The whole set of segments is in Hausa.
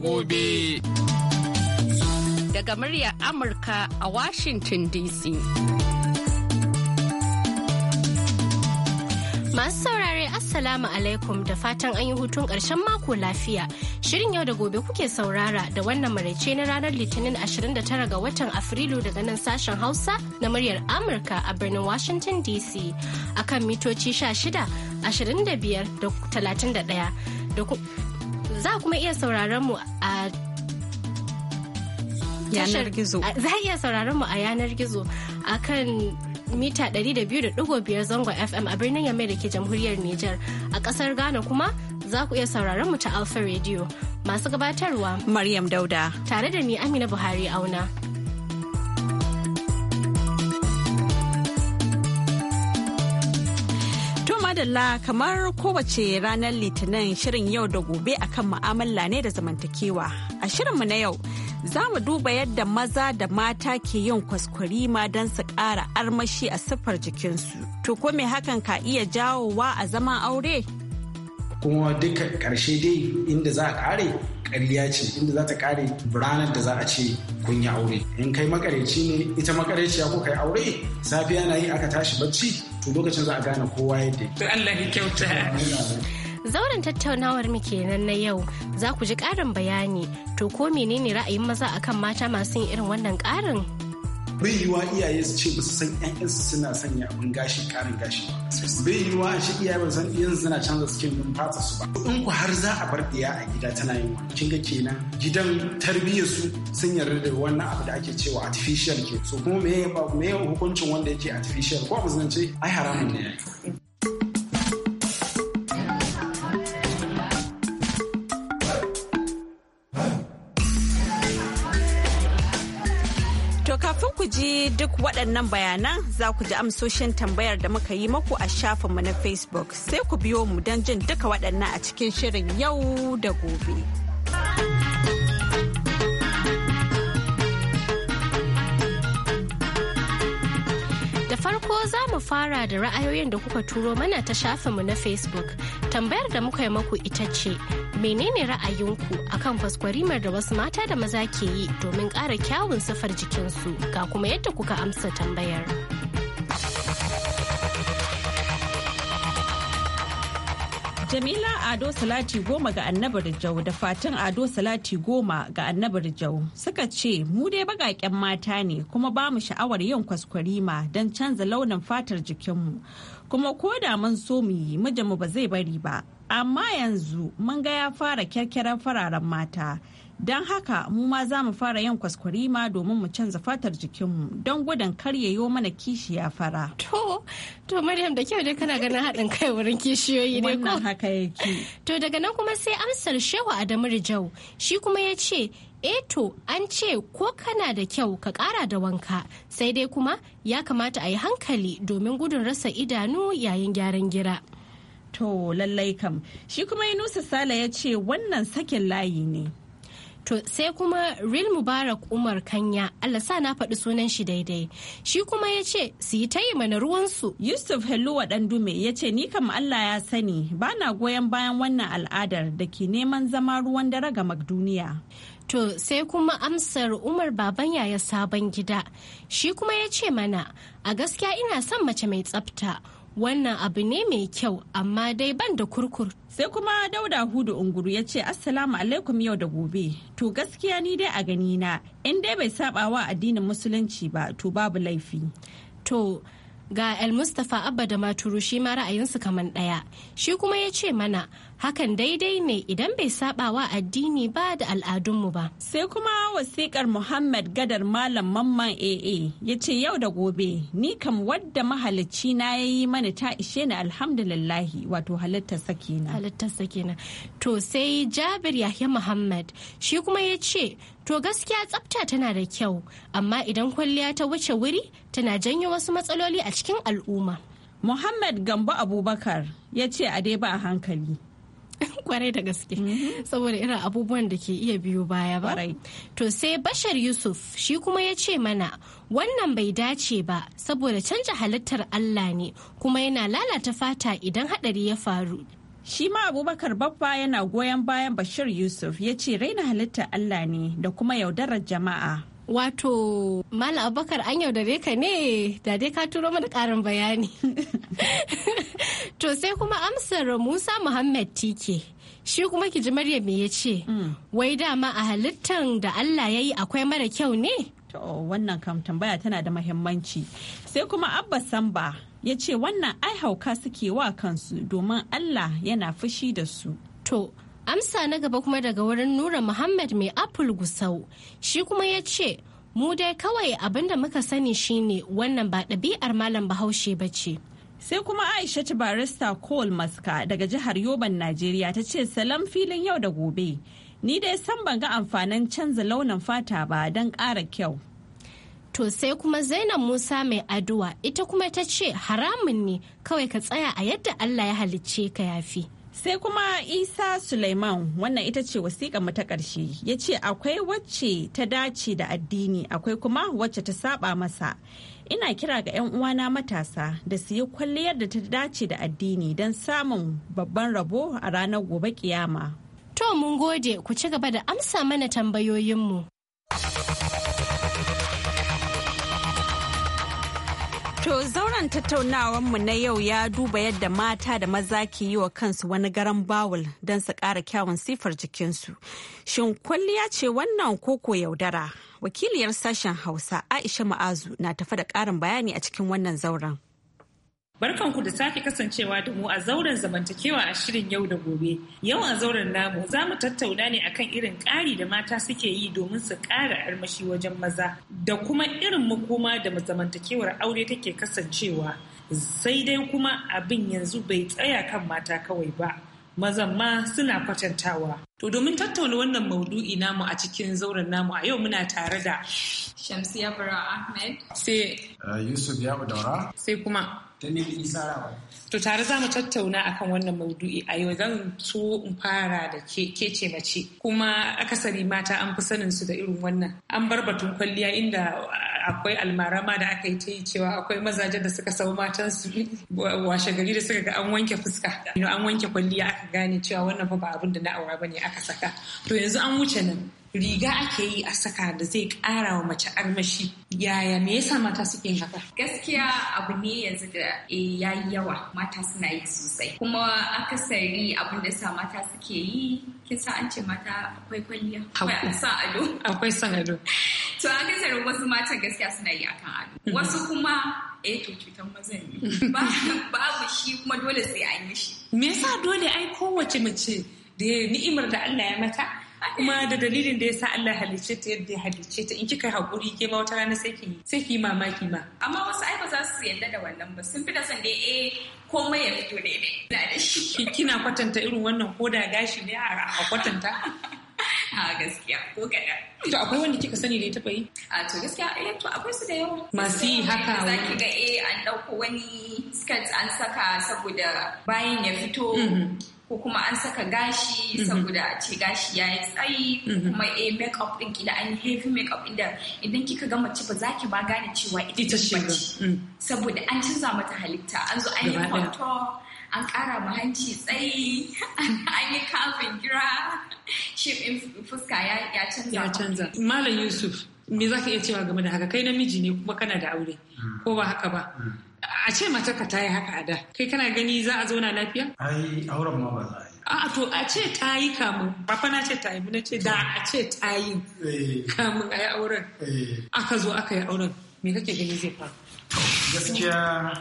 gobe. Daga muryar Amurka a Washington DC. Masu saurare Assalamu alaikum da fatan an yi hutun ƙarshen mako lafiya. Shirin yau da gobe kuke saurara da wannan maraice na ranar Litinin 29 ga watan Afrilu daga nan sashen Hausa na muryar Amurka a birnin Washington DC akan mitoci 16, 25 da 31. Za kuma iya sauraron mu a yanar gizo. Za iya sauraron mu a yanar gizo akan mita 200.5 zangon FM a birnin Yamai da ke jamhuriyar Nijar. A ƙasar Ghana kuma za ku iya sauraron mu ta Alfa Radio. Masu gabatarwa Maryam Dauda. Tare da ni Amina Buhari auna. madalla kamar kowace ranar litinin shirin yau da gobe akan mu'amala ne da zamantakewa. A shirinmu na yau za mu duba yadda maza da mata ke yin ma don su ƙara armashi a siffar jikinsu. To ko me hakan ka iya jawowa a zaman aure? Kuma duka ƙarshe dai inda za a ƙare ƙarya ce inda za ta ƙare ranar da za a ce kun yi aure in kai makareci ne ita makareciya ko kai aure safiya na yi aka tashi bacci to lokacin za a gane kowa yadda to Allah ya kyauta zauren tattaunawar mu kenan na yau za ku ji ƙarin bayani to ko menene ra'ayin maza akan mata masu yin irin wannan ƙarin bai yiwa iyaye su ce ba su san ƴaƴansu suna sanya abin gashi karin gashi ba bai yiwa a iyaye ba san iyan suna canza skin din fata su ba in ku har za a bar ɗiya a gida tana yin wani kin ga kenan gidan tarbiyyar su sun yarda da wannan abu da ake cewa artificial ke so kuma me me hukuncin wanda yake artificial ko a musulunci ai haramun ne ji duk waɗannan bayanan za ku ji amsoshin tambayar da muka yi maku a shafinmu na Facebook sai ku biyo mu don jin duka waɗannan a cikin shirin yau da gobe. da farko za mu fara da ra'ayoyin da kuka turo mana ta mu na Facebook. Tambayar da muka yi maku ita ce, menene ra'ayinku akan kwaskwarimar da wasu mata da maza ke yi domin ƙara kyawun sufar jikinsu ga kuma yadda kuka amsa tambayar. Jamila Ado Salati goma ga annabar Jau da Fatin Ado Salati goma ga annabar Jau suka ce mu dai bagaƙen mata ne kuma ba mu sha'awar yin kwaskwarima don canza launin fatar jikinmu kuma ko da mun so mu yi mijinmu ba zai bari ba amma yanzu mun ga ya fara kyarkyaran fararen mata. Don haka mu ma za mu fara yin kwaskwarima domin mu canza fatar jikinmu don gudun karyayo mana kishiya fara. To, to Maryam da kyau dai kana ganin haɗin kai wurin kishiyoyi ne ko? Wannan haka yake. To daga nan kuma sai amsar Shehu Adamu Rijau shi kuma ya ce eto eh an ce ko kana da kyau ka ƙara da wanka sai dai kuma ya kamata a yi hankali domin gudun rasa idanu yayin gyaran gira. To lallai kam shi kuma ya nusa Sala ya ce wannan sakin layi ne. To sai kuma Real Mubarak Umar Kanya, Allah sa na faɗi sunan shi daidai. Shi kuma ya ce su yi ta yi mana ruwansu. Yusuf Helluwa Dandume ya ce ni kam Allah ya sani ba na goyon bayan wannan al'adar da ke neman zama ruwan dare ga duniya. To sai kuma amsar Umar baban yaya sabon gida. Shi kuma ya ce mana a gaskiya ina son mace mai tsafta. wannan abu ne mai kyau amma dai ban da kurkur. Sai kuma Dauda Hudu Unguru ya ce Assalamu alaikum yau da gobe. To gaskiya ni dai a gani na in dai bai saba wa addinin musulunci ba to babu laifi. To ga El Mustapha Abba da Maturu shi ma ra'ayinsu kaman ɗaya. Shi kuma ya ce mana hakan daidai ne idan bai saba wa addini ba da al'adunmu ba. Sai kuma wasiƙar Muhammad Gadar Malam Mamman AA ya ce yau da gobe ni kam wadda mahalicci na ya yi mana ta ishe ni alhamdulillahi wato halittar sakina. Halittar sakina. To sai Jabir Yahya Muhammad shi kuma ya ce to gaskiya tsafta tana da kyau amma idan kwalliya ta wuce wuri tana janyo wasu matsaloli a cikin al'umma. Muhammad Gambo Abubakar ya ce a ba a hankali. kwarai da gaske mm-hmm. saboda irin abubuwan da ke iya biyu baya ba to sai bashar yusuf shi kuma ya ce mana wannan bai dace ba saboda canja halittar allah ne kuma yana lalata fata idan hadari ya faru Shi ma Abubakar Babba yana goyon bayan Bashir Yusuf ya ce raina halittar Allah ne da kuma yaudarar jama'a. Wato, Malam Abubakar an yaudare ka ne da dai ka turo mana ƙarin bayani. to sai kuma amsar Musa Muhammad Tike. Shi kuma ki ji Maryam me ya ce, hmm. wai dama a halittan da Allah ya yi akwai mara kyau ne? wannan kam tambaya tana da mahimmanci. Sai kuma Abba Samba ya ce wannan ai hauka suke wa kansu domin Allah yana fushi da su. To, amsa na gaba kuma daga wurin nura muhammad mai apple gusau shi kuma ya ce mu dai kawai abinda muka sani shine wannan ba ɗabi'ar malam bahaushe ba ce Sai kuma Aisha ta barista Cole Maska daga jihar Yoban Najeriya ta ce salam filin yau da gobe. Ni dai san ban ga amfanin canza launin fata ba don ƙara kyau. To sai kuma Zainab Musa mai addu'a ita kuma ta ce haramun ne kawai ka tsaya a yadda Allah ya halicce ka yafi. Sai kuma Isa Suleiman wannan ita ce wasiƙa mu ta ƙarshe ya ce akwai wacce ta dace da addini akwai kuma wacce ta saba masa. Ina kira ga 'yan uwana matasa da su yi kwalliyar da ta dace da addini don samun babban rabo a ranar gobe kiyama. To mun gode ku ci gaba da amsa mana tambayoyinmu. To zauren tattaunawar mu na yau ya duba yadda mata da maza ke yi wa kansu wani garan bawul don su ƙara kyawun sifar jikinsu. Shin kwalliya ce wannan koko yaudara? Wakiliyar sashen Hausa Aisha Ma'azu na tafi da ƙarin bayani a cikin wannan zauren. Barkanku da sake kasancewa da mu a zauren zamantakewa a shirin yau da gobe. Yau a zauren namu za mu tattauna ne akan irin ƙari da mata suke yi domin su ƙara armashi wajen maza da kuma irin makoma da zamantakewar aure take kasancewa. Sai dai kuma abin yanzu bai tsaya kan mata kawai ba. Mazan ma suna kwatantawa. To domin tattauna wannan maudu'i namu a cikin zauren namu a yau muna tare da Shamsiya Bara Ahmed. Sai uh, Yusuf Yabu Daura. Sai kuma To tare za mu tattauna akan wannan maudu'i a yau zan so in fara da ce mace kuma akasari mata an fi sanin su da irin wannan. An bar batun kwalliya inda akwai almarama da aka yi ta yi cewa akwai mazajen da suka sau matansu washe gari da suka ga an wanke fuska an wanke kwalliya aka gane cewa wannan fa ba abin da na aura ne aka saka to yanzu an wuce nan riga ake yi a saka da zai kara wa mace armashi yaya me yasa mata suke haka gaskiya abu ne yanzu da eh, ya yi yawa mata suna yi sosai kuma akasari abin da sa mata suke yi kisa an ce mata akwai kwalliya akwai san ado akwai san ado to wasu mata gaskiya suna yi akan ado mm-hmm. wasu kuma eh to cutan mazan ne babu shi kuma dole sai an yi shi me yasa dole ai kowace mace da ni'imar da Allah ya mata kuma da dalilin da ya sa Allah halicce ta yadda ya halicce ta in kika haƙuri ke ma wata rana sai ki sai ki mamaki ma amma wasu ai ba za su yarda da wannan ba sun fi da san da eh komai ya fito daidai da kina kwatanta irin wannan ko da gashi ne a kwatanta a gaskiya ko kaɗan. To akwai wanda kika sani da ya taɓa yi? A to gaskiya eh to akwai su da yawa. Masu yi haka Za ki ga eh an ɗauko wani skirt an saka saboda bayan ya fito. Mm-hmm. ko kuma an saka gashi mhm. saboda a ce gashi ya yi tsayi mhm. kuma a eh, make up din kila an heavy make up inda idan kika ga mace ba za ki ba gane cewa ita ce mace mm. saboda an canza mata halitta an zo an yi contour an ƙara ma hanci tsayi an yi kafin gira shi fuska ya canza malam yusuf me za ka iya cewa game da haka kai namiji ne kuma kana da aure mm. ko ba haka ba mm. a ce matarka ta yi haka a da kai kana gani za a zauna lafiya ai auren ma ba za a yi A'a to a ce ta yi kamun bafa na ce ta yi na ce da a ce ta yi eh. kamun a yi auren eh. aka zo aka yi auren me kake gani zai faru gaskiya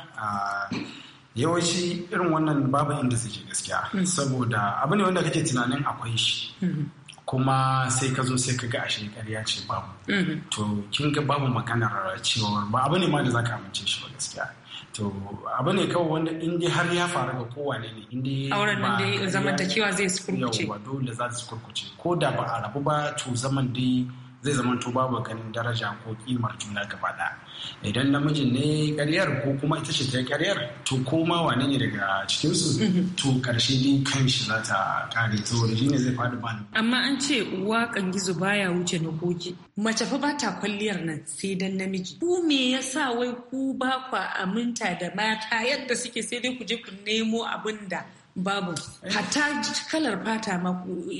yawanci irin wannan babu inda suke gaskiya hmm. saboda abu ne wanda kake tunanin akwai shi hmm. kuma sai ka zo sai ka ga ashe ƙarya ce babu hmm. to kin ga babu maganar cewar ba abu ne ma da zaka amince shi ba gaskiya to abu ne kawai wanda in har ya faru ga kowane ne in dai auren nan dai zamantakewa zai sukurkuce. kurkuce dole za su kurkuce ko da ba a rabu ba to zaman dai zai zamanto babu ganin daraja ko kimar juna gaba ɗaya idan namijin ne karyar ko kuma ita ce ta karyar to koma wane ne daga cikinsu mm-hmm. to karshe din shi za ta kare to da ne zai faɗi ba. amma an ce uwa kan gizo baya wuce na koki mace fa ba ta kwalliyar nan sai dan namiji ku me yasa wai ku ba kwa aminta da mata yadda suke sai dai ku je ku nemo abin da babu hatta kalar fata ma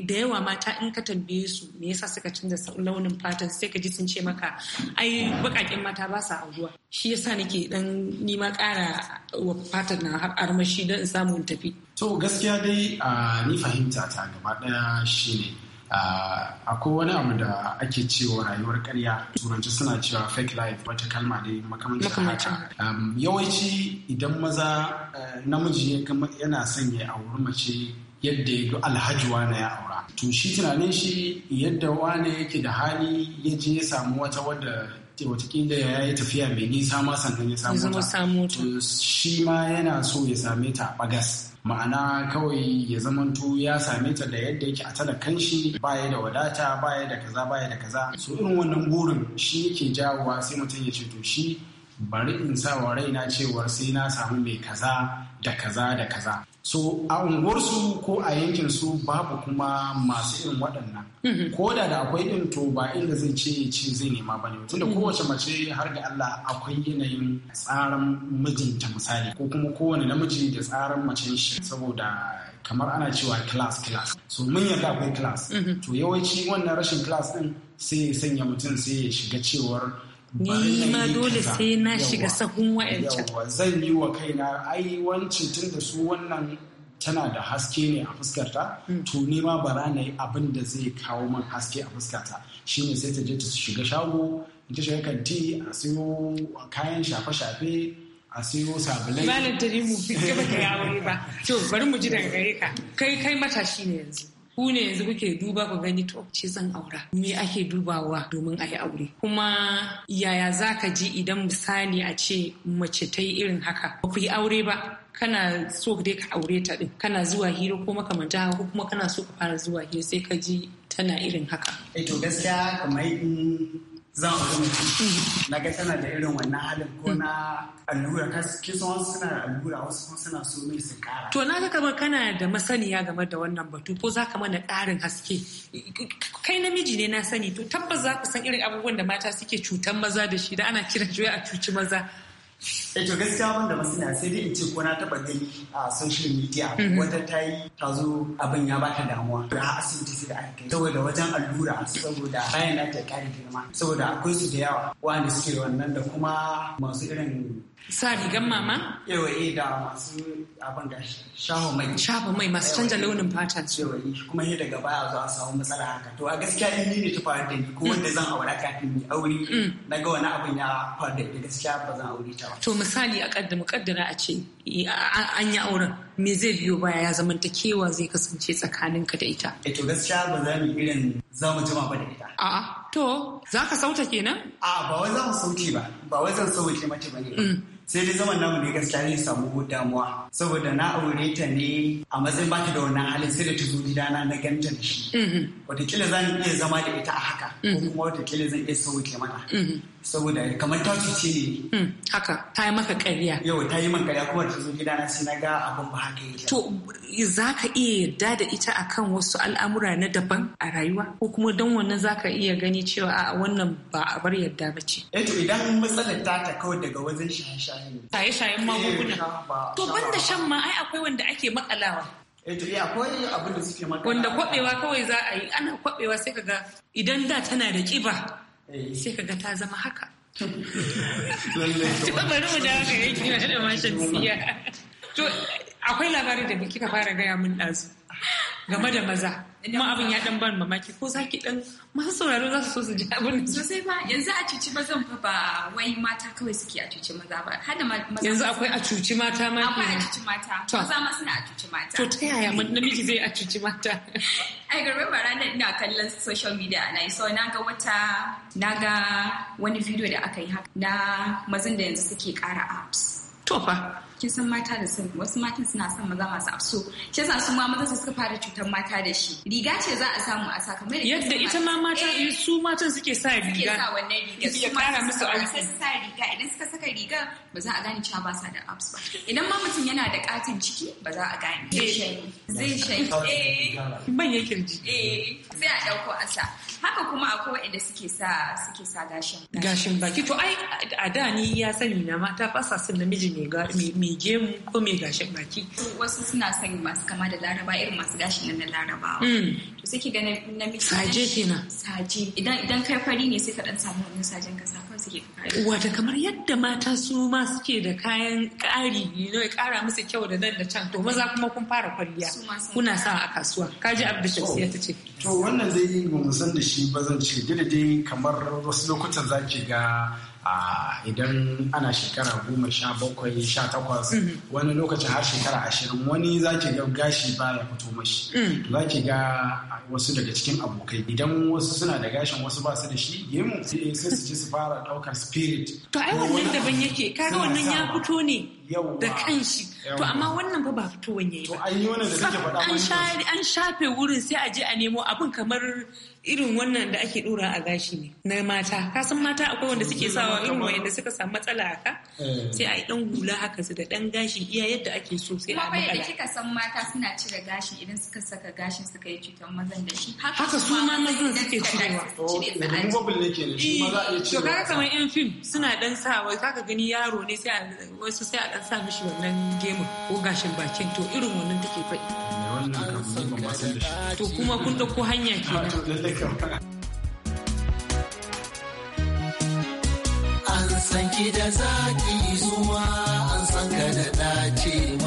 da yawa mata in ka tambaye su me yasa suka canza launin fatan sai ka ji sun ce maka ai bakakin mata ba sa auduwa shi yasa nake dan nima kara wa fatan har armashi don in samu in tafi to gaskiya dai ah, ni fahimta ta gaba daya shine Ah, akwai wani abu da ake cewa rayuwar karya turanci suna cewa fake life wata kalma ne makamancin haka um, yawanci idan maza eh, namiji yana sanya a wurin mace yadda ya ga alhaji na ya aura to shi tunanin shi yadda wane yake da hali ya je ya samu wata wadda watakila ya yi tafiya mai nisa ma sannan ya samu ta shi ma yana so ya same ta a bagas ma'ana kawai ya zamanto ya same ta da yadda yake a talakan shi baya da wadata baya da kaza baya da kaza so irin wannan burin shi yake jawowa sai mutum ya ce to shi bari in sa wa raina cewar sai na samu mai kaza da kaza da kaza so a unguwarsu ko a yankin su babu kuma masu irin waɗannan mm-hmm. ko da da akwai ɗin to ba inda zai ce ce zai nema ba ne tunda mm-hmm. kowace mace har da Allah akwai yanayin tsarin mijinta misali ko kuma kowane namiji da tsarin mace shi saboda kamar ana cewa class class so mun yarda akwai class mm-hmm. to yawanci wannan rashin class din sai ya sanya mutum sai ya shiga cewar ni ma dole sai na shiga sahun wa'ancan zan yi wa kaina ai wancin tun da su wannan tana da haske ne a fuskarta mm. to ni ma bara na yi abin da zai kawo man haske a fuskarta shi ne sai ta je ta shiga shago ta shiga kanti a siyo kayan shafe-shafe a siyo sabulai ne mu fi gaba ka yawo ba to bari mu ji daga ka kai kai matashi ne yanzu ku ne yanzu kuke duba ku gani to ce zan aura me ake dubawa domin a yi aure kuma yaya za ka ji idan misali a ce mace ta yi irin haka ba ku yi aure ba kana so dai ka aure ta din kana zuwa hira ko makamanta ko kuma kana so ka fara zuwa hira sai ka ji tana irin haka. Eh to gaskiya kamar za a ga mutum na ga tana da irin wannan halin ko na allura ka san wasu suna da allura wasu kuma suna so mai su kara to na ga kamar kana da masaniya game da wannan batu ko za ka mana ƙarin haske kai namiji ne na sani to tabbas za ku san irin abubuwan da mata suke cutan maza da shi da ana kiran juya a cuci maza eh to gaskiya wanda masana sai dai in ce ko na taba gani a social media mhm. wata ta yi ta zo abin ya bata damuwa da a asibiti sai da aka kai saboda wajen allura saboda bayan ta kare girma saboda akwai su da yawa wanda suke wannan da kuma masu irin sa rigan mama? Yawa yi eh, da masu abin da shafa mai. Shafa mai masu canza eh. launin fata. Yawa yi eh, kuma yi daga baya za a samu matsala haka. To a gaskiya in ni ne ta faru da ni ko wanda mm. zan aura kafin ni aure. Mm. Na ga wani abin ya faru da ni gaskiya ba zan aure ta ba. To misali a kaddara mukaddara a ce an yi auren me zai biyo baya ya zamantakewa zai kasance tsakaninka da ita. E to gaskiya ba za mu irin za mu jima ba da ita. A'a to za ka sauta kenan? A'a ba wai za mu sauke ba ba wai zan sauke mace ba ne. Mm. sai dai zaman namu ne gaskiya ne samu damuwa saboda na aure ta ne a matsayin ta da wannan halin sai da ta zo gidana na ganta da shi mm-hmm. watakila zan iya zama da ita a haka ko mm-hmm. kuma watakila zan iya sauke mata mm-hmm. saboda kamar ta cuce ne. Hmm, haka ta yi maka karya. Yau ta yi maka karya kuma da ta zo gidana sai na ga abin ba haka yi. To za ka iya yarda da ita akan wasu al'amura na daban a rayuwa ko kuma don wannan za ka iya gani cewa a wannan ba a bar yarda ba ce. Eh to idan matsalar ta ta kawai daga wajen shaye-shaye ne. Shaye-shayen eh, magunguna. To banda shan ma ai akwai wanda ake makalawa. Eh to iya eh, akwai abin da suke maƙalawa. Wanda kwabewa kawai za a yi ana kwabewa sai ka ga idan da tana da ƙiba. Eh, sai ka ga ta zama haka bari mu dawo ga yake da mashin siya to akwai labari da kika fara gaya mun ɗazu game da maza kuma abin ya dan ban mamaki ko saki dan masu sauraro za su so su ji abin da sosai ba yanzu a cuci zan fa ba wai mata kawai suke a cuci maza ba hada maza yanzu akwai a cuci mata ma akwai a cuci mata maza ma suna a cuci mata to ta yaya mun namiji zai a cuci mata ai garbe ba ranar ina kallon social media na so na ga wata na ga wani video da aka yi haka na mazan da yanzu suke kara apps to fa kin san mata da son wasu matan suna son maza masu afso shi yasa su ma maza su suka fara cutar mata da shi riga ce za a samu a sakamakon yadda ita ma mata su matan suke sa riga suke sa wannan riga su ma musu alfi sa riga idan suka saka riga ba za a gane cewa ba sa da abs ba idan ma mutum yana da katin ciki ba za a gane eh. zai shan zai shan eh ban yake eh sai a dauko asa haka kuma akwai waɗanda suke sa suke sa gashin gashin baki to ai a da ni ya sani na mata ba sa sun namiji mai gemu ko mai gashin baki wasu suna son masu kama da laraba irin masu gashin nan na larabawa mm. to sai ki namiji saje kenan saje idan idan kai fari ne sai ka dan samu wannan sajen ka sa kawai suke fara wata kamar yadda mata su ma suke da kayan ƙari ne ya ƙara musu kyau da nan da can to maza kuma kun fara kwalliya kuna sa a kasuwa kaji abdu shamsiya ta ce to wannan zai yi ba mu san da shi ba zan ce dai kamar wasu lokutan za ki ga idan ana shekara goma sha bakwai sha takwas mm-hmm. wani lokacin har shekara ashirin wani za ki ga gashi ba ya fito mashi mm. za ki ga wasu daga cikin abokai idan wasu suna da gashin wasu ba su da shi gemu sai su ci su fara daukar spirit to ai wannan daban yake kaga wannan ya fito ne da kanshi to amma wannan fa ba fitowan yayi to an yi wannan da an an shafe wurin sai a je a nemo abin kamar irin wannan da ake dora a gashi ne na mata ka san mata akwai wanda suke sawa irin wanda suka samu matsala haka eh. sai a yi dan hula haka su da dan gashi iya yadda ake so sai a makala kuma kika san mata suna cire gashi idan suka saka gashi suka yi cutar mazan da shi haka su ma mazan suke cirewa to kaga kamar yan fim suna dan sawa kaga gani yaro ne sai wasu sai a an sa mishi wannan gemu ko gashin bakin to irin wannan take faɗi. To kuma kun ɗauko hanya ke. An san da zaki zuwa an san ka da ɗacewa.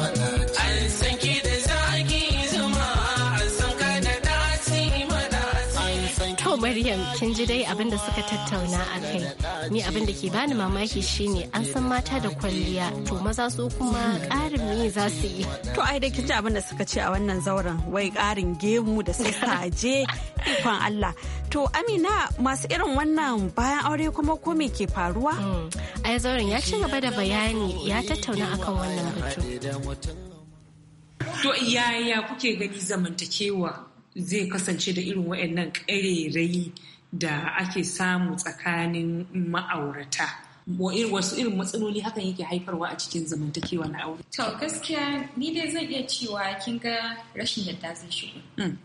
Maryam kin ji dai abin da suka tattauna a kai. Ni abin da ke bani mamaki shine an san mata da kwalliya to maza su kuma karin me za su yi. To ai dai kin ji abin da suka ce a wannan zauren wai karin gemu da sassaje ikon Allah. To Amina masu irin wannan bayan aure kuma ko me ke faruwa? Mm. Ai zauren ya ci gaba da bayani ya tattauna akan wannan batu. To yaya kuke gani zamantakewa zai kasance da irin waɗannan ƙarerayi da ake samu tsakanin ma'aurata. wasu irin matsaloli hakan yake haifarwa a cikin zamantakewa na aure. To gaskiya ni dai zan iya cewa kin ga rashin yadda zai shigo. Hmm.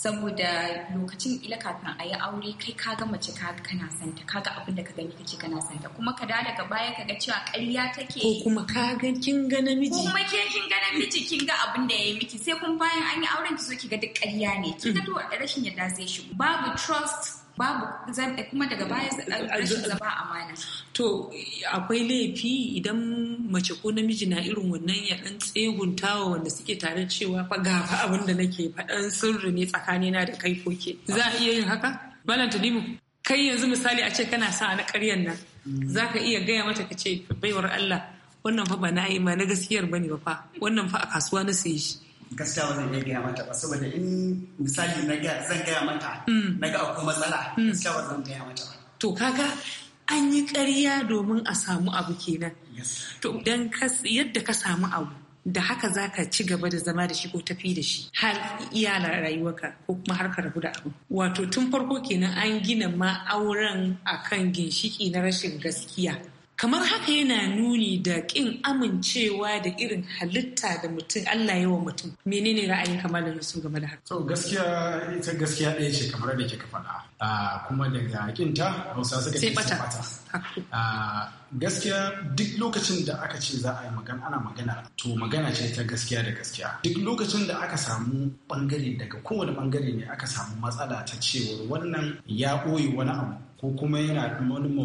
saboda lokacin ila kafin a yi aure kai ka ga mace ka kana santa ka ga abin da ka gani kace kana santa kuma ka dawo daga baya ka ga cewa ƙarya take ko kuma ka ga kin ga namiji kuma ke kin ga namiji kin ga abin da yayi miki sai kun bayan an yi auren ki zo ki ga duk ƙarya ne kin ga to rashin yadda zai shi. babu trust babu kuma daga baya rashin zama amana. To akwai laifi idan mace ko namiji na irin wannan ya dan tseguntawa wanda suke tare cewa fa ga abin da nake faɗan sirri ne tsakani na da kai ko ke. Za a iya yin haka? Malam Tanimu kai yanzu misali a ce kana sa na karyan nan. Za ka iya gaya mata ka ce baiwar Allah wannan fa ba na yi ma na gaskiyar bane ba fa wannan fa a kasuwa na sayi shi. gaskiya ba zan iya gaya mata ba saboda in misali na zan gaya mata mm. na ga akwai matsala mm. gaskiya ba zan gaya mata ba to kaga an yi ƙarya domin a samu abu kenan to dan yadda ka samu abu da haka za ka ci gaba da zama da shi ko tafi da shi har iyalar rayuwarka ko kuma har ka rabu da abu wato tun farko kenan an gina ma auren akan ginshiki na rashin gaskiya kamar haka yana nuni da ƙin amincewa da irin halitta da mutum Allah yi wa mutum menene ra'ayin kamalar yusuf game da haka to gaskiya ita gaskiya ɗaya ce kamar da ka faɗa ah, kuma daga ƙinta hausa suka ce bata ah, gaskiya duk lokacin da aka ce za a yi magana ana magana to magana ce ta gaskiya da gaskiya duk lokacin da aka samu bangare daga kowane bangare ne aka samu matsala ta cewar wannan ya ɓoye wani abu ko kuma yana wani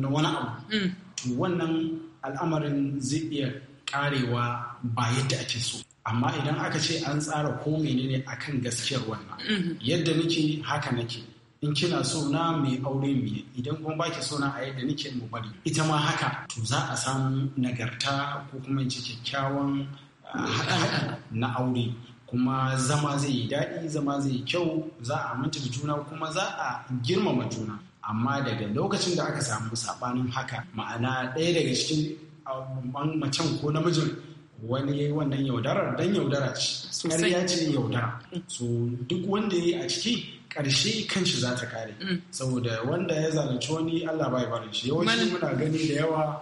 wani abu mm. to wannan al'amarin zai iya karewa ba yadda ake so amma idan aka ce an tsara ko menene akan gaskiyar wannan mm-hmm. yadda nake haka nake in kina so na mai aure mu idan kuma baki so na a yadda nake mu bari ita ma haka to za a samu nagarta ko kuma ce kyakkyawan ah, haɗa na aure kuma zama zai yi daɗi zama zai yi kyau za a aminta da juna kuma za a girmama juna amma daga lokacin da aka samu sabanin haka ma'ana ɗaya daga cikin um, macen ko namijin wani yi wannan yaudarar dan yaudara ce ƙarya ce yaudara mm. so duk wanda ya yi a ciki ƙarshe shi za ta kare mm. saboda wanda ya zalunci wani Allah bai barin shi yawanci muna gani da yawa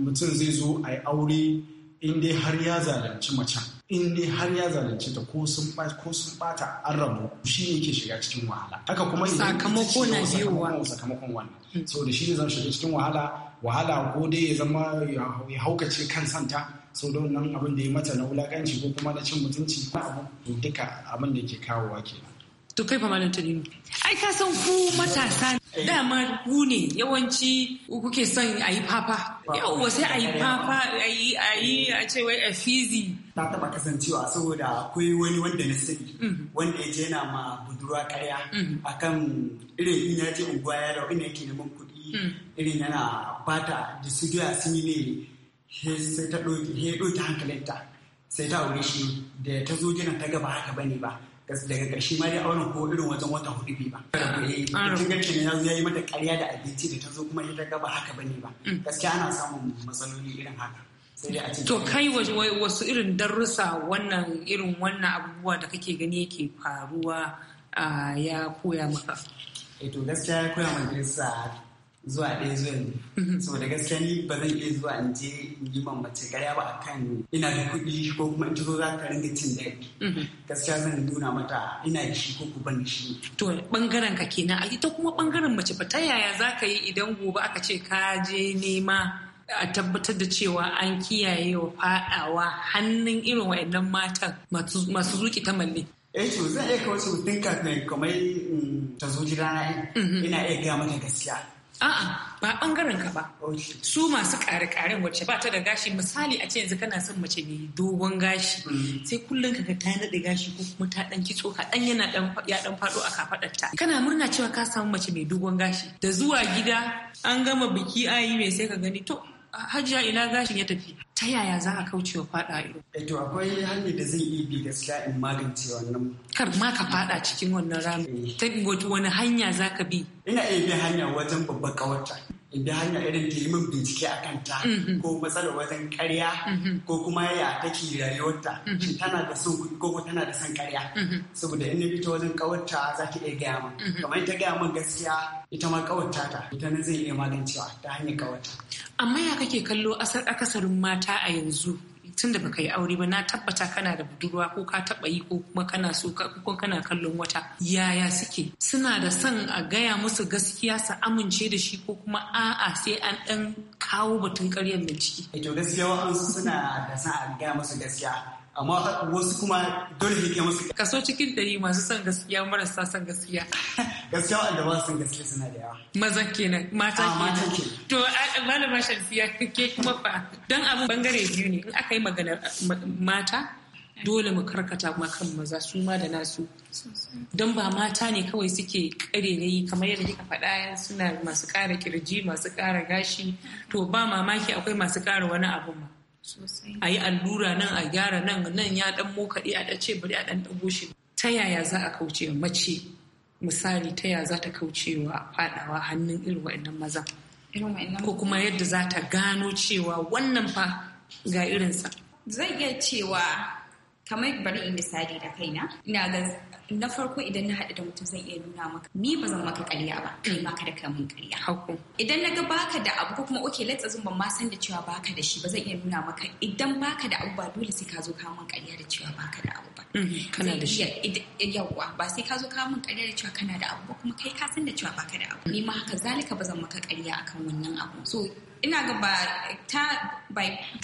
mutum zai zo a yi aure in dai har ya zalunci macen in dai har ya zalunce ta ko sun ko sun bata an rabu shi ne yake shiga cikin wahala haka kuma sakamako na biyowa sakamakon wannan hmm. saboda shi ne zan shiga cikin wahala wahala ko dai ya zama ya haukace kan santa sau da wannan abin da ya mata na wulakanci ko kuma na cin mutunci ko duka abin da ke kawowa kenan to kai fa malam tani ai ka san ku matasa dama ku ne yawanci kuke son a yi fafa yawwa sai a yi fafa a yi a ce wai a fizi ta taba kasancewa saboda akwai wani wanda na sani mm. wanda ya je na ma budurwa karya mm. akan irin in ya je unguwa ya rau ina yake neman kuɗi mm. irin yana bata da su doya sun yi ne sai ta ɗauki hankalinta sai ta aure shi da ta zo gina ta gaba haka bane ba daga ƙarshe ma dai auren ko irin wajen wata hudu biyu ba. Eh, kin ga ne ya yi mata ƙarya da abinci da ta zo kuma ita gaba haka bane ba. Gaskiya ana samun matsaloli irin haka. To kai wasu irin darussa wannan irin wannan abubuwa da kake gani yake faruwa ya koya maka. Eh to gaskiya ya koya min darussa zuwa ɗaya zuwa ne. So da gaskiya ni ba zan iya zuwa in je in yi mamace karya ba akan ina da kuɗi ko kuma in zo za ka ringa cin da mm-hmm. Gaskiya zan nuna mata ina da shi ko ku ban shi. To bangaren ka kenan a ita kuma bangaren mace ba ta yaya za ka yi idan gobe aka ce ka je nema. a tabbatar da cewa an kiyaye wa fadawa hannun irin waɗannan matan masu zuki ta malle eh to zan iya kawo su kamar mm, ta zo mhm. ina iya gaya mata gaskiya A'a ba bangaren ka ba. Su masu kare-karen wacce ba ta da gashi misali a ce yanzu kana son mace mai dogon gashi mm. sai kullum ka ga ta naɗe gashi ko kuma ta ɗan kitso ka dan yana ya ɗan faɗo a ta. Kana murna cewa ka samu mace mai dogon gashi da zuwa gida an gama biki ayi mai sai ka gani to hajiya ina gashin ya tafi ta yaya za a kauce wa fada ido eh, to akwai hanyar da zai iya bi gaskiya in magance wannan kar ma ka fada cikin wannan rami eh. ta wani hanya za ka bi ina iya bi hanya wajen babbar ƙawarta. da hanya irin ta yi min bincike a kanta mm-hmm. ko matsalar wajen karya mm-hmm. ko kuma ya take rayuwarta mm-hmm. shin tana da son kuɗi ko tana da son karya saboda in na fito wajen kawarta za ta iya gaya min kamar ta gaya min gaskiya ita ma kawarta ta ita zai iya magancewa ta hanyar kawarta amma ya kake kallo asar akasarin mata a yanzu tun da baka yi aure ba na tabbata kana da budurwa ko ka taba yi ko kuma kana so ko kana kallon wata yaya suke suna da son a gaya musu gaskiya su amince da shi ko kuma a'a sai an dan kawo batun karyar da ciki eh, to gaskiya wa'ansu suna da son a gaya musu gaskiya amma wasu kuma dole ne ke musu kaso cikin dari masu son gaskiya marasa son gaskiya gaskiya wanda ba son gaskiya suna da yawa mazan kenan mata ah, kenan to malama shamsiya ke kuma fa don abin bangare biyu ne in aka yi magana mata dole mu karkata kuma kan maza su ma da nasu don ba mata ne kawai suke kare yi kamar yadda kika faɗa suna masu ƙara kirji masu ƙara gashi to ba mamaki akwai masu ƙara wani abu ma a yi allura nan a gyara nan nan ya dan mokaɗe a ɗace bari a ɗan ɗago shi ta yaya za a kauce mace misali ta yaya za ta kauce wa faɗawa hannun irin waɗannan maza, ko kuma yadda za ta gano cewa wannan fa ga irinsa zai iya cewa kamar bari in misali da kaina ina ga na farko idan na haɗu da mutum zan iya nuna maka ni ba zan maka ƙarya ba kai ma kada ka mun ƙarya idan na ga baka da abu ko kuma okay let's assume ban ma san da cewa baka da shi ba zan iya nuna maka idan baka da abu ba dole sai ka zo ka mun ƙarya da cewa baka da abu ba mm-hmm. kana da shi yawwa ba sai ka zo ka mun ƙarya da cewa kana da abu ba kuma kai ka san da cewa baka da abu ni ma haka zalika ba zan maka ƙarya akan wannan abu so ina ga ba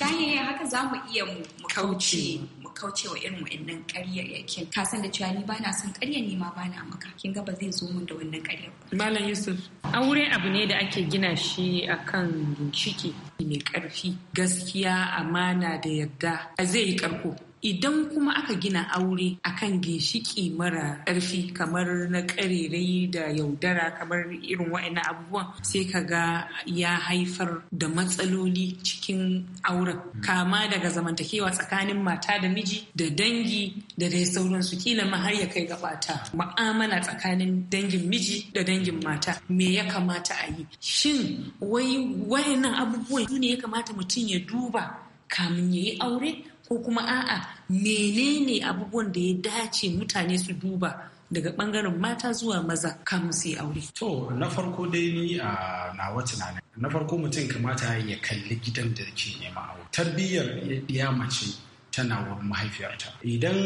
ta ne haka za mu iya mu kauce mu kauce wa irin wa'annan ƙaryayyakin ka san da cewa ni ba na son karyar ne ma ba na maka kin ga ba zai zo mun da wannan karyar. ba malam yusuf aure abu ne da ake gina shi akan ginshiki mai ƙarfi gaskiya amana da yadda zai yi karko. idan kuma aka gina aure a kan ginshiki mara ƙarfi kamar na ƙarerai da yaudara kamar irin wa'annan abubuwan sai ka ga ya haifar da matsaloli cikin auren kama daga zamantakewa tsakanin mata da miji da dangi da dai sauransu kila ma har ya kai gabata ma'amala tsakanin dangin miji da dangin mata me ya kamata a yi shin wai wayannan abubuwan ne ya kamata mutum ya duba kamin ya yi aure ko kuma a'a menene abubuwan da ya dace mutane su duba daga bangaren mata zuwa maza kamun su yi aure. To na farko dai ni a nawa tunanin na farko mutum kamata ya kalli gidan da ke nema aure. Tarbiyyar ya mace tana wa mahaifiyarta idan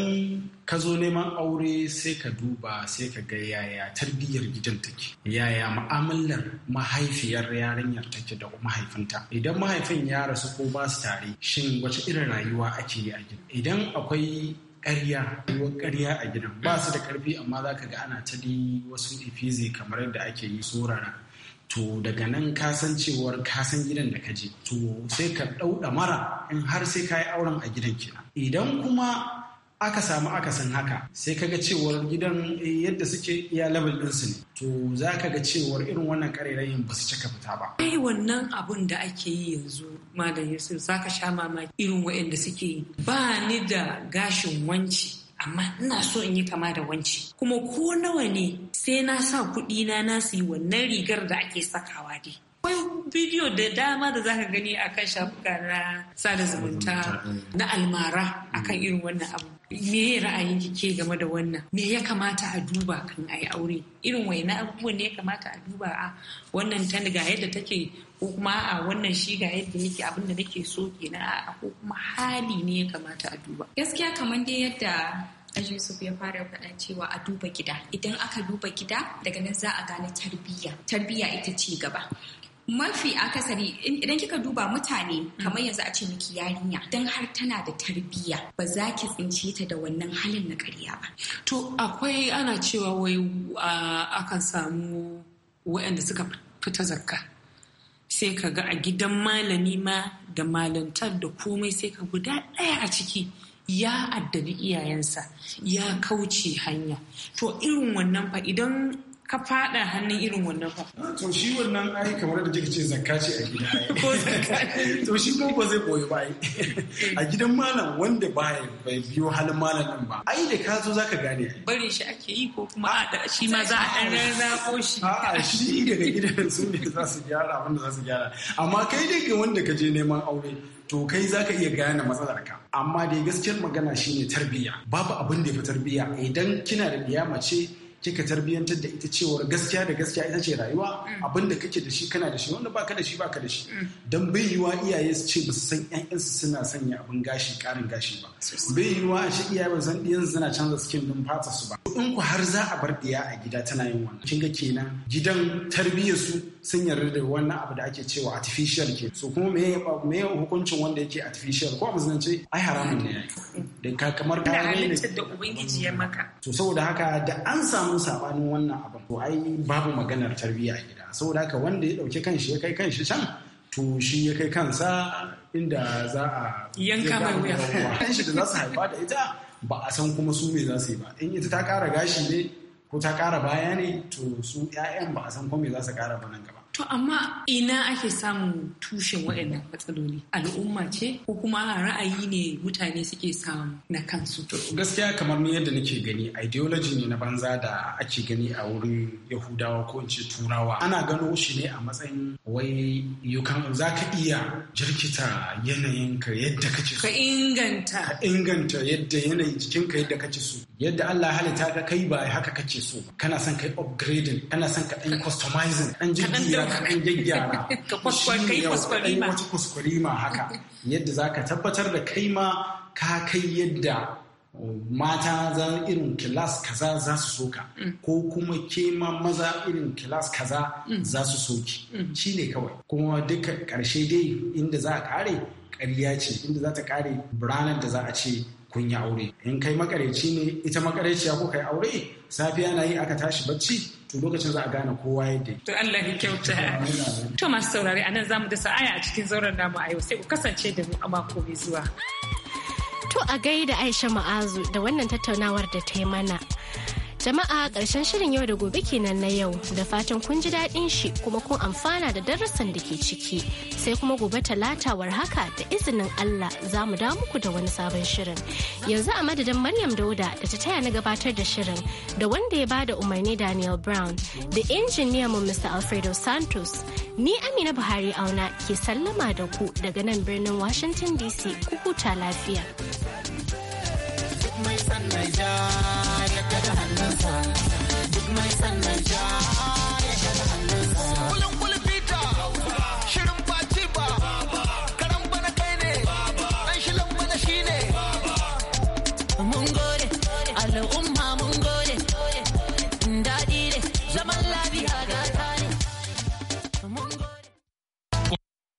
ka zo neman aure sai ka duba sai ka ga yaya tarbiyyar gidan take yaya ma'amalar mahaifiyar yarinyar take da mahaifinta idan mahaifin ya rasu ko ba su tare shin wace irin rayuwa ake yi a gidan idan akwai ƙarya ruwan ƙarya a gidan ba su da ƙarfi amma za ka ga ana ta wasu ifizi kamar yadda ake yi tsorara to daga nan ka san cewar ka gidan da ka je to sai ka ɗau mara in har sai ka yi auren a gidan kenan idan kuma aka samu akasin haka sai ka ga cewar gidan eh, yadda suke iya level ɗinsu ne to za ka ga cewar irin wannan karerayin ba su cika fita ba. Kai wannan abun da ake yi yanzu malam Yusuf za ka sha mamaki irin waɗanda suke yi ba ni da gashin wanci amma ina so in yi kama da wanci kuma ko nawa ne sai na sa kuɗi na na yi wannan rigar da ake sakawa dai akwai bidiyo da dama da zaka gani akan shafuka na sada zumunta mm. na almara akan irin wannan abu me ra'ayin ke game da wannan me ya kamata a duba kan ayi aure irin wai waina abubuwan ne ya kamata a duba a wannan tani ga yadda take ko kuma a wannan shi ga yadda yake abin da nake so kenan a ko kuma hali ne ya kamata a duba gaskiya kamar dai yadda Yusuf ya fara faɗa cewa a duba gida idan aka duba gida daga nan za a gane tarbiyya tarbiyya ita ce gaba mafi akasari idan kika duba mutane kamar yanzu a ce miki yarinya don har tana da tarbiyya ba za ki tsince ta da wannan halin na karya ba to akwai ana cewa wai akan samu waɗanda suka fita zakka sai ka ga a gidan malami ma da malantar da komai sai ka guda ɗaya a ciki ya addabi iyayensa ya kauce hanya to irin wannan fa idan ka fada hannun irin wannan ba. To shi wannan ai kamar da kika ce zakka ce a gida. Ko zakka. To shi ko ba zai koyi ba ai. A gidan malam wanda baya bai biyo halin malam din ba. Ai da ka zo zaka gane. Bari shi ake yi ko kuma a da shi ma za a dan ko shi. A'a shi daga gidan su ne za su gyara wanda za su gyara. Amma kai dai ga wanda ka je neman aure to kai za ka iya gane matsalarka amma dai gaskiyar magana shine tarbiyya babu abin da ya fi tarbiyya idan kina da ɗiya mace kika tarbiyyantar da ita cewar gaskiya da gaskiya ita ce rayuwa mm. abin da kake da shi kana da shi wanda baka da shi baka da shi mm. dan bai yiwa iyaye su ce ba su san ƴaƴansu suna sanya abin gashi karin gashi ba bai yiwa a shi iyaye ba san ɗiyan suna canza skin din fata su ba in ku har za a bar ɗiya a gida tana yin wannan kin kenan gidan tarbiyyar su sun yarda da wannan abu da ake cewa artificial ke so kuma me me hukuncin wanda yake artificial ko musulunci ai haramun ne dan ka kamar ka ne da ubangiji ya maka to saboda haka da an samu samu sabanin wannan abin to ai babu maganar tarbiyya a gida saboda haka wanda ya dauke kanshi ya kai kanshi can to shi ya kai kansa inda za a yanka mai wuya kanshi da za su haifa da ita ba a san kuma su me za su yi ba in ita ta kara gashi ne ko ta kara baya ne to su 'ya'yan ba a san ko me za su kara ba nan gaba To amma ina ake samun tushen waɗannan matsaloli al'umma ce ko kuma ra'ayi ne mutane suke samu na kansu. To gaskiya kamar ni yadda nake gani ideology ne na banza da ake gani a wurin Yahudawa ko in ce Turawa. Ana gano shi ne a matsayin wai yukan za ka iya jirkita yanayin ka yadda ka ci Ka inganta. Ka inganta yadda yanayin ka yadda ka ci Yadda Allah halitta ka kai ba haka kake so ba. Kana son kai upgrading, kana son ka ɗan customizing, ɗan jirgiya. gyaggyara ka ɗan gyaggyara ka kwaskwari ma wata ma haka yadda za ka tabbatar da kai ma ka kai yadda mata za irin kilas kaza za su soka mm. ko kuma ke ma maza irin kilas kaza mm. za su soki mm. ne kawai kuma duka karshe dai inda za a kare ƙarya ce inda za ta kare ranar da za a ce kun yi aure in kai makareci ne ita makareciya ko kai aure safiya na yi aka tashi bacci to lokacin za a gane kowa yadda to Allah ya kyauta to masu saurare anan zamu da sa'aya a cikin zauren namu a yau sai ku kasance da mu a mako mai zuwa to a gaida Aisha Ma'azu da wannan tattaunawar da ta yi mana Jama'a ƙarshen shirin yau da gobe kenan na yau da fatan kun ji daɗin shi kuma kun amfana da darasin da ke ciki sai kuma gobe talatawar haka da izinin Allah za mu muku da wani sabon shirin. Yanzu a madadin Maryam Dauda da ta taya na gabatar da shirin da wanda ya bada umarni Daniel Brown da injiniya mu Mr. Alfredo Santos ni Amina Buhari auna ke sallama da ku daga nan birnin Washington DC ku huta lafiya. ja ya kada hannunsa duk mai sannan ja